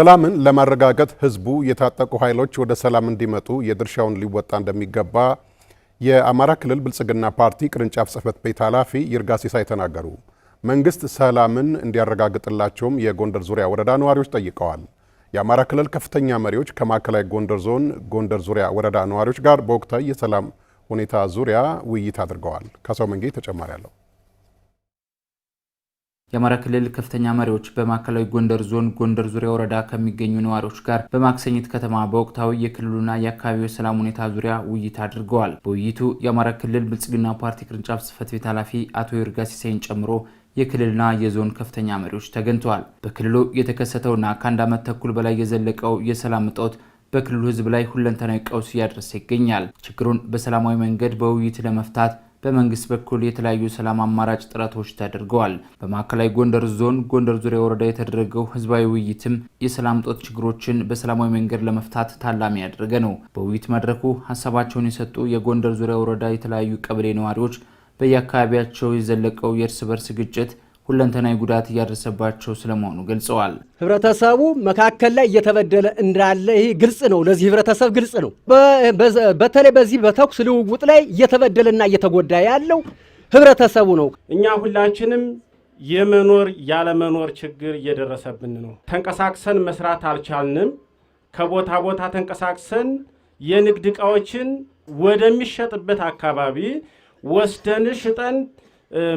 ሰላምን ለማረጋገጥ ህዝቡ የታጠቁ ኃይሎች ወደ ሰላም እንዲመጡ የድርሻውን ሊወጣ እንደሚገባ የአማራ ክልል ብልጽግና ፓርቲ ቅርንጫፍ ጽህፈት ቤት ኃላፊ ይርጋ ሲሳይ ተናገሩ። መንግስት ሰላምን እንዲያረጋግጥላቸውም የጎንደር ዙሪያ ወረዳ ነዋሪዎች ጠይቀዋል። የአማራ ክልል ከፍተኛ መሪዎች ከማዕከላዊ ጎንደር ዞን ጎንደር ዙሪያ ወረዳ ነዋሪዎች ጋር በወቅታዊ የሰላም ሁኔታ ዙሪያ ውይይት አድርገዋል። ከሰው መንጌ ተጨማሪ አለው። የአማራ ክልል ከፍተኛ መሪዎች በማዕከላዊ ጎንደር ዞን ጎንደር ዙሪያ ወረዳ ከሚገኙ ነዋሪዎች ጋር በማክሰኝት ከተማ በወቅታዊ የክልሉና የአካባቢው የሰላም ሁኔታ ዙሪያ ውይይት አድርገዋል። በውይይቱ የአማራ ክልል ብልጽግና ፓርቲ ቅርንጫፍ ጽህፈት ቤት ኃላፊ አቶ ይርጋ ሲሳይን ጨምሮ የክልልና የዞን ከፍተኛ መሪዎች ተገኝተዋል። በክልሉ የተከሰተውና ከአንድ ዓመት ተኩል በላይ የዘለቀው የሰላም እጦት በክልሉ ሕዝብ ላይ ሁለንተናዊ ቀውስ እያደረሰ ይገኛል። ችግሩን በሰላማዊ መንገድ በውይይት ለመፍታት በመንግስት በኩል የተለያዩ ሰላም አማራጭ ጥረቶች ተደርገዋል። በማዕከላዊ ጎንደር ዞን ጎንደር ዙሪያ ወረዳ የተደረገው ህዝባዊ ውይይትም የሰላም ጦት ችግሮችን በሰላማዊ መንገድ ለመፍታት ታላሚ ያደረገ ነው። በውይይት መድረኩ ሀሳባቸውን የሰጡ የጎንደር ዙሪያ ወረዳ የተለያዩ ቀበሌ ነዋሪዎች በየአካባቢያቸው የዘለቀው የእርስ በርስ ግጭት ሁለንተናዊ ጉዳት እያደረሰባቸው ስለመሆኑ ገልጸዋል። ህብረተሰቡ መካከል ላይ እየተበደለ እንዳለ ይህ ግልጽ ነው፣ ለዚህ ህብረተሰብ ግልጽ ነው። በተለይ በዚህ በተኩስ ልውውጥ ላይ እየተበደለና እየተጎዳ ያለው ህብረተሰቡ ነው። እኛ ሁላችንም የመኖር ያለመኖር ችግር እየደረሰብን ነው። ተንቀሳቅሰን መስራት አልቻልንም። ከቦታ ቦታ ተንቀሳቅሰን የንግድ ዕቃዎችን ወደሚሸጥበት አካባቢ ወስደን ሽጠን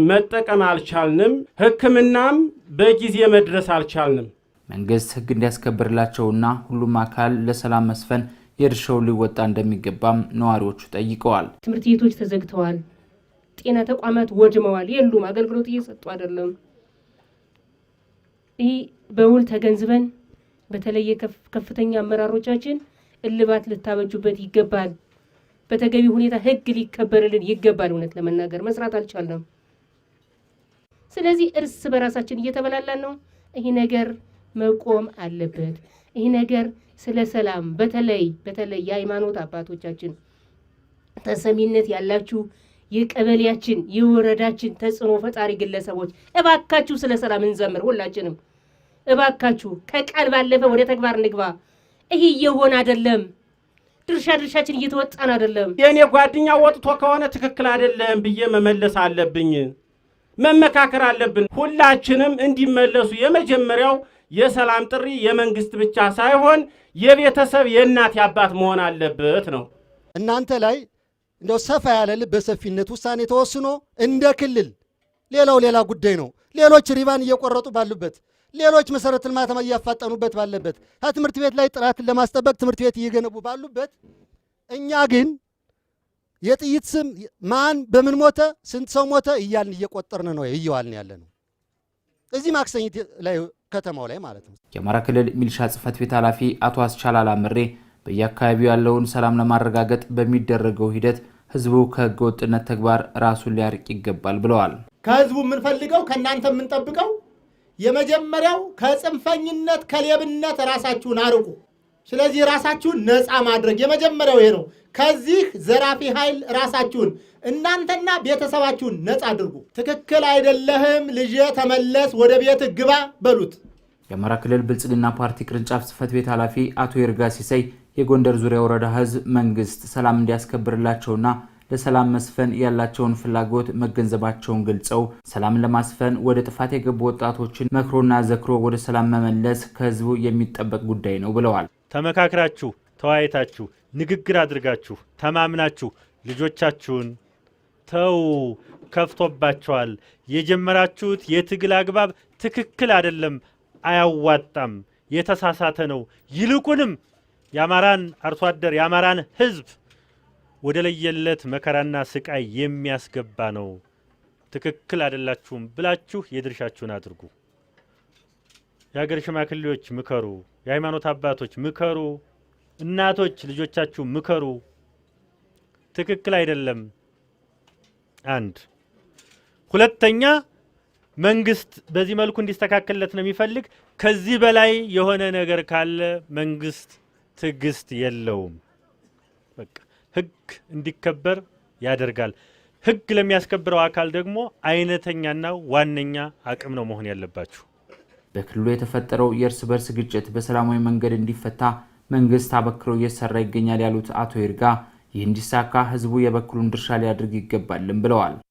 መጠቀም አልቻልንም። ሕክምናም በጊዜ መድረስ አልቻልንም። መንግስት ህግ እንዲያስከብርላቸውና ሁሉም አካል ለሰላም መስፈን የድርሻውን ሊወጣ እንደሚገባም ነዋሪዎቹ ጠይቀዋል። ትምህርት ቤቶች ተዘግተዋል። ጤና ተቋማት ወድመዋል፣ የሉም፣ አገልግሎት እየሰጡ አይደለም። ይህ በውል ተገንዝበን በተለየ ከፍተኛ አመራሮቻችን እልባት ልታበጁበት ይገባል። በተገቢ ሁኔታ ህግ ሊከበርልን ይገባል። እውነት ለመናገር መስራት አልቻለም። ስለዚህ እርስ በራሳችን እየተበላላን ነው። ይህ ነገር መቆም አለበት። ይህ ነገር ስለ ሰላም በተለይ በተለይ የሃይማኖት አባቶቻችን ተሰሚነት ያላችሁ የቀበሌያችን የወረዳችን ተጽዕኖ ፈጣሪ ግለሰቦች እባካችሁ ስለ ሰላም እንዘምር። ሁላችንም እባካችሁ ከቃል ባለፈ ወደ ተግባር እንግባ። ይህ እየሆነ አይደለም። ድርሻ ድርሻችን እየተወጣን አይደለም። የእኔ ጓደኛ ወጥቶ ከሆነ ትክክል አይደለም ብዬ መመለስ አለብኝ። መመካከር አለብን። ሁላችንም እንዲመለሱ የመጀመሪያው የሰላም ጥሪ የመንግስት ብቻ ሳይሆን የቤተሰብ የእናት ያባት መሆን አለበት ነው። እናንተ ላይ እንደው ሰፋ ያለ ልብ በሰፊነት ውሳኔ ተወስኖ እንደ ክልል ሌላው ሌላ ጉዳይ ነው። ሌሎች ሪባን እየቆረጡ ባሉበት ሌሎች መሰረተ ልማት እያፋጠኑበት ባለበት ከትምህርት ቤት ላይ ጥራትን ለማስጠበቅ ትምህርት ቤት እየገነቡ ባሉበት እኛ ግን የጥይት ስም ማን በምን ሞተ፣ ስንት ሰው ሞተ እያልን እየቆጠርን ነው እየዋልን ያለ ነው እዚህ ማክሰኝት ላይ ከተማው ላይ ማለት ነው። የአማራ ክልል ሚሊሻ ጽህፈት ቤት ኃላፊ አቶ አስቻላላ ምሬ በየአካባቢው ያለውን ሰላም ለማረጋገጥ በሚደረገው ሂደት ህዝቡ ከህገ ወጥነት ተግባር ራሱን ሊያርቅ ይገባል ብለዋል። ከህዝቡ የምንፈልገው ከእናንተ የምንጠብቀው የመጀመሪያው ከጽንፈኝነት ከሌብነት ራሳችሁን አርቁ። ስለዚህ ራሳችሁን ነፃ ማድረግ የመጀመሪያው ይሄ ነው። ከዚህ ዘራፊ ኃይል ራሳችሁን እናንተና ቤተሰባችሁን ነፃ አድርጉ። ትክክል አይደለህም ልጄ፣ ተመለስ ወደ ቤት ግባ በሉት። የአማራ ክልል ብልጽግና ፓርቲ ቅርንጫፍ ጽህፈት ቤት ኃላፊ አቶ ይርጋ ሲሳይ የጎንደር ዙሪያ ወረዳ ህዝብ መንግስት ሰላም እንዲያስከብርላቸውና ለሰላም መስፈን ያላቸውን ፍላጎት መገንዘባቸውን ገልጸው ሰላም ለማስፈን ወደ ጥፋት የገቡ ወጣቶችን መክሮና ዘክሮ ወደ ሰላም መመለስ ከህዝቡ የሚጠበቅ ጉዳይ ነው ብለዋል። ተመካክራችሁ፣ ተወያይታችሁ፣ ንግግር አድርጋችሁ፣ ተማምናችሁ ልጆቻችሁን ተው ከፍቶባቸዋል፣ የጀመራችሁት የትግል አግባብ ትክክል አይደለም፣ አያዋጣም፣ የተሳሳተ ነው፣ ይልቁንም የአማራን አርሶ አደር የአማራን ህዝብ ወደ ለየለት መከራና ስቃይ የሚያስገባ ነው። ትክክል አይደላችሁም ብላችሁ የድርሻችሁን አድርጉ። የሀገር ሽማግሌዎች ምከሩ፣ የሃይማኖት አባቶች ምከሩ፣ እናቶች ልጆቻችሁ ምከሩ። ትክክል አይደለም። አንድ ሁለተኛ መንግስት በዚህ መልኩ እንዲስተካከልለት ነው የሚፈልግ። ከዚህ በላይ የሆነ ነገር ካለ መንግስት ትዕግስት የለውም። በቃ ህግ እንዲከበር ያደርጋል። ህግ ለሚያስከብረው አካል ደግሞ አይነተኛና ዋነኛ አቅም ነው መሆን ያለባችሁ። በክልሉ የተፈጠረው የእርስ በርስ ግጭት በሰላማዊ መንገድ እንዲፈታ መንግስት አበክረው እየሰራ ይገኛል ያሉት አቶ ይርጋ ይህ እንዲሳካ ህዝቡ የበኩሉን ድርሻ ሊያድርግ ይገባልም ብለዋል።